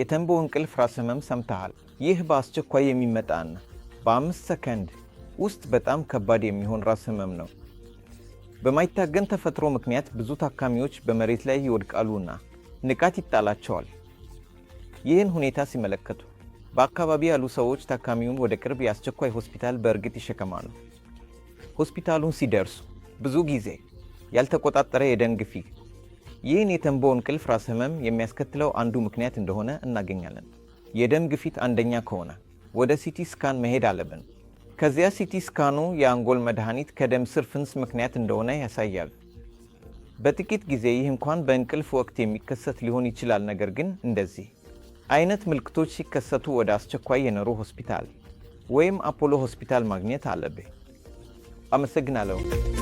የተንቦ እንቅልፍ ራስ ህመም ሰምተሃል? ይህ በአስቸኳይ የሚመጣና በአምስት ሰከንድ ውስጥ በጣም ከባድ የሚሆን ራስ ህመም ነው። በማይታገን ተፈጥሮ ምክንያት ብዙ ታካሚዎች በመሬት ላይ ይወድቃሉና ንቃት ይጣላቸዋል። ይህን ሁኔታ ሲመለከቱ በአካባቢ ያሉ ሰዎች ታካሚውን ወደ ቅርብ የአስቸኳይ ሆስፒታል በእርግጥ ይሸከማሉ። ሆስፒታሉን ሲደርሱ ብዙ ጊዜ ያልተቆጣጠረ የደም ግፊት፣ ይህን የተንቦ እንቅልፍ ራስ ህመም የሚያስከትለው አንዱ ምክንያት እንደሆነ እናገኛለን። የደም ግፊት አንደኛ ከሆነ ወደ ሲቲ ስካን መሄድ አለብን። ከዚያ ሲቲ ስካኑ የአንጎል መድኃኒት ከደም ስር ፍንስ ምክንያት እንደሆነ ያሳያል። በጥቂት ጊዜ ይህ እንኳን በእንቅልፍ ወቅት የሚከሰት ሊሆን ይችላል። ነገር ግን እንደዚህ አይነት ምልክቶች ሲከሰቱ ወደ አስቸኳይ የነሮ ሆስፒታል ወይም አፖሎ ሆስፒታል ማግኘት አለብህ። አመሰግናለሁ።